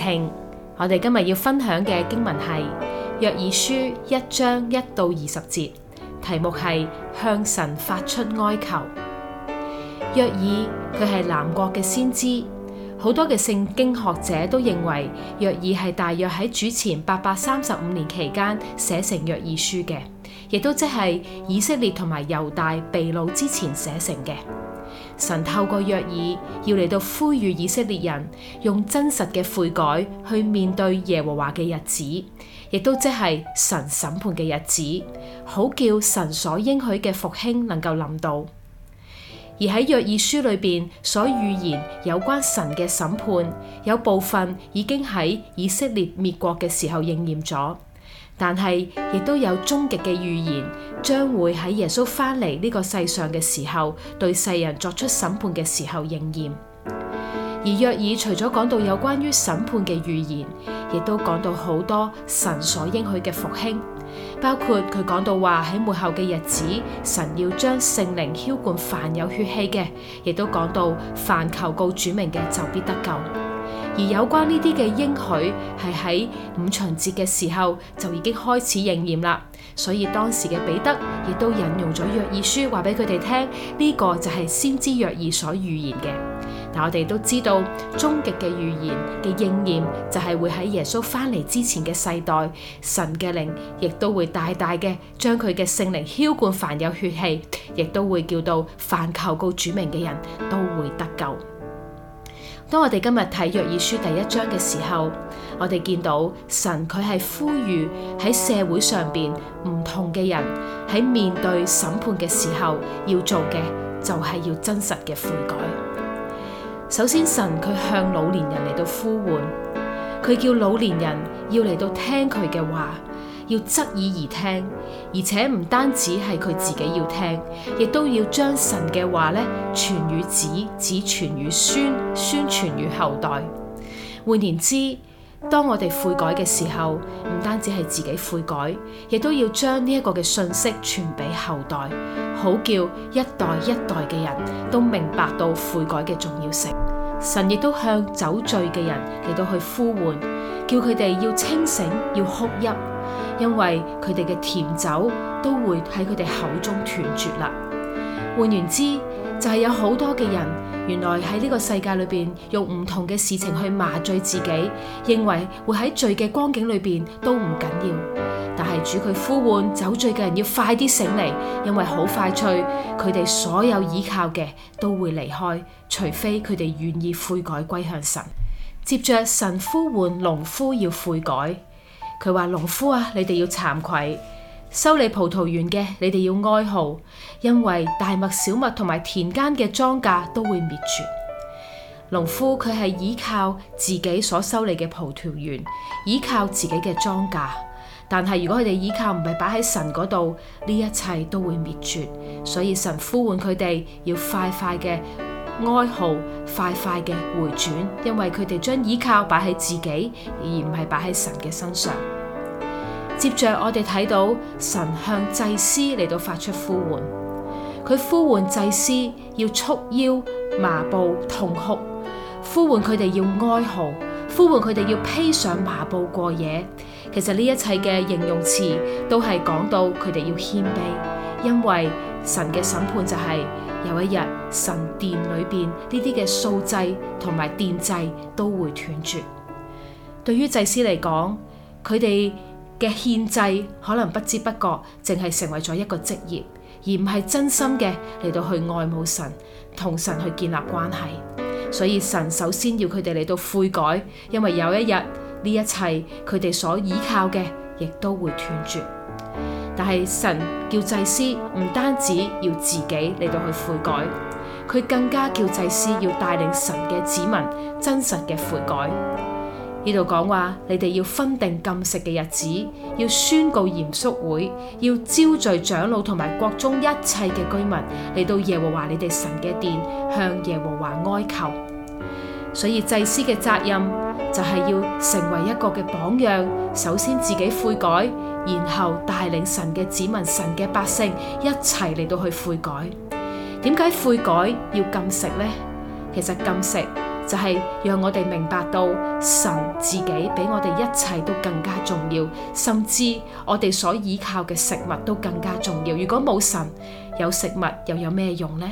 聽，我哋今日要分享嘅經文係《約珥書》一章一到二十節，題目係向神發出哀求。約珥佢係南國嘅先知，好多嘅聖經學者都認為約珥係大約喺主前八百三十五年期間寫成若《約珥書》嘅，亦都即係以色列同埋猶大被擄之前寫成嘅。神透過約珥要嚟到呼籲以色列人用真實嘅悔改去面對耶和華嘅日子，亦都即係神審判嘅日子，好叫神所應許嘅復興能夠臨到。而喺約珥書裏邊所預言有關神嘅審判，有部分已經喺以色列滅國嘅時候應驗咗。但係，亦都有終極嘅預言，將會喺耶穌翻嚟呢個世上嘅時候，對世人作出審判嘅時候應驗。而約珥除咗講到有關於審判嘅預言，亦都講到好多神所應許嘅復興，包括佢講到話喺末後嘅日子，神要將聖靈澆灌凡有血氣嘅，亦都講到凡求告主名嘅就必得救。而有關呢啲嘅應許係喺五旬節嘅時候就已經開始應驗啦，所以當時嘅彼得亦都引用咗約珥書話俾佢哋聽，呢、這個就係先知約珥所預言嘅。但我哋都知道，終極嘅預言嘅應驗就係、是、會喺耶穌翻嚟之前嘅世代，神嘅靈亦都會大大嘅將佢嘅聖靈澆灌凡有血氣，亦都會叫到凡求告主名嘅人都會得救。當我哋今日睇《約珥書》第一章嘅時候，我哋見到神佢係呼籲喺社會上邊唔同嘅人喺面對審判嘅時候要做嘅就係、是、要真實嘅悔改。首先，神佢向老年人嚟到呼喚，佢叫老年人要嚟到聽佢嘅話。要側耳而聽，而且唔單止係佢自己要聽，亦都要將神嘅話咧傳與子，子傳與孫，孫傳與後代。換言之，當我哋悔改嘅時候，唔單止係自己悔改，亦都要將呢一個嘅信息傳俾後代，好叫一代一代嘅人都明白到悔改嘅重要性。神亦都向酒醉嘅人嚟到去呼喚，叫佢哋要清醒，要哭泣，因為佢哋嘅甜酒都會喺佢哋口中斷絕啦。換言之，就係有好多嘅人，原來喺呢個世界裏邊用唔同嘅事情去麻醉自己，認為會喺醉嘅光景裏邊都唔緊要。係主佢呼喚酒醉嘅人要快啲醒嚟，因為好快脆，佢哋所有依靠嘅都會離開，除非佢哋願意悔改歸向神。接着神呼喚農夫要悔改，佢話農夫啊，你哋要慚愧，修理葡萄園嘅，你哋要哀號，因為大麥、小麥同埋田間嘅莊稼都會滅絕。農夫佢係倚靠自己所修理嘅葡萄園，倚靠自己嘅莊稼。但係如果佢哋依靠唔係擺喺神嗰度，呢一切都會滅絕。所以神呼喚佢哋要快快嘅哀號，快快嘅回轉，因為佢哋將依靠擺喺自己，而唔係擺喺神嘅身上。接着我哋睇到神向祭司嚟到發出呼喚，佢呼喚祭司要束腰、麻布、痛哭，呼喚佢哋要哀號。呼喚佢哋要披上麻布過夜，其實呢一切嘅形容詞都係講到佢哋要謙卑，因為神嘅審判就係有一日神殿裏邊呢啲嘅素祭同埋奠祭都會斷絕。對於祭司嚟講，佢哋嘅獻祭可能不知不覺，淨係成為咗一個職業，而唔係真心嘅嚟到去愛慕神，同神去建立關係。所以神首先要佢哋嚟到悔改，因為有一日，呢一切佢哋所依靠嘅，亦都會斷絕。但係神叫祭司唔單止要自己嚟到去悔改，佢更加叫祭司要帶領神嘅子民真實嘅悔改。呢度講話，你哋要分定禁食嘅日子，要宣告嚴肅會，要招聚長老同埋國中一切嘅居民嚟到耶和華你哋神嘅殿，向耶和華哀求。所以祭司嘅責任就係要成為一個嘅榜樣，首先自己悔改，然後帶領神嘅子民、神嘅百姓一齊嚟到去悔改。點解悔改要禁食呢？其實禁食。就係讓我哋明白到神自己比我哋一切都更加重要，甚至我哋所依靠嘅食物都更加重要。如果冇神，有食物又有咩用呢？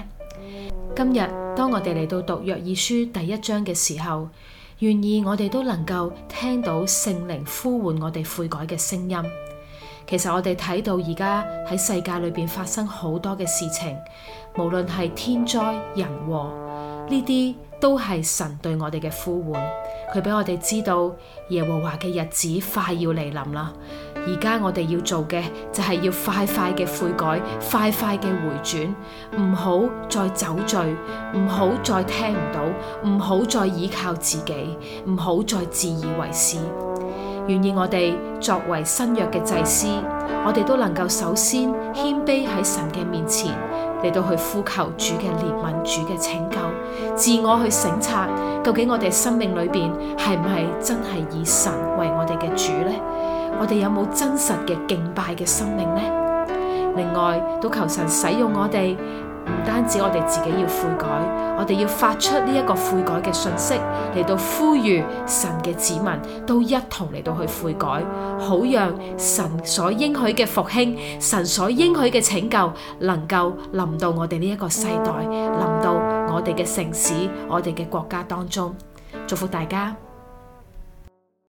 今日當我哋嚟到讀約珥書第一章嘅時候，願意我哋都能夠聽到聖靈呼喚我哋悔改嘅聲音。其實我哋睇到而家喺世界裏邊發生好多嘅事情，無論係天災人禍呢啲。都係神對我哋嘅呼喚，佢俾我哋知道耶和華嘅日子快要嚟臨啦。而家我哋要做嘅就係要快快嘅悔改，快快嘅回轉，唔好再酒醉，唔好再聽唔到，唔好再依靠自己，唔好再自以為是。願意我哋作為新約嘅祭司，我哋都能夠首先謙卑喺神嘅面前，嚟到去呼求主嘅憐憫、主嘅拯救，自我去省察，究竟我哋生命裏邊係唔係真係以神為我哋嘅主呢？我哋有冇真實嘅敬拜嘅生命呢？另外，都求神使用我哋。唔單止我哋自己要悔改，我哋要發出呢一個悔改嘅訊息，嚟到呼籲神嘅子民都一同嚟到去悔改，好讓神所應許嘅復興、神所應許嘅拯救，能夠臨到我哋呢一個世代，臨到我哋嘅城市、我哋嘅國家當中。祝福大家。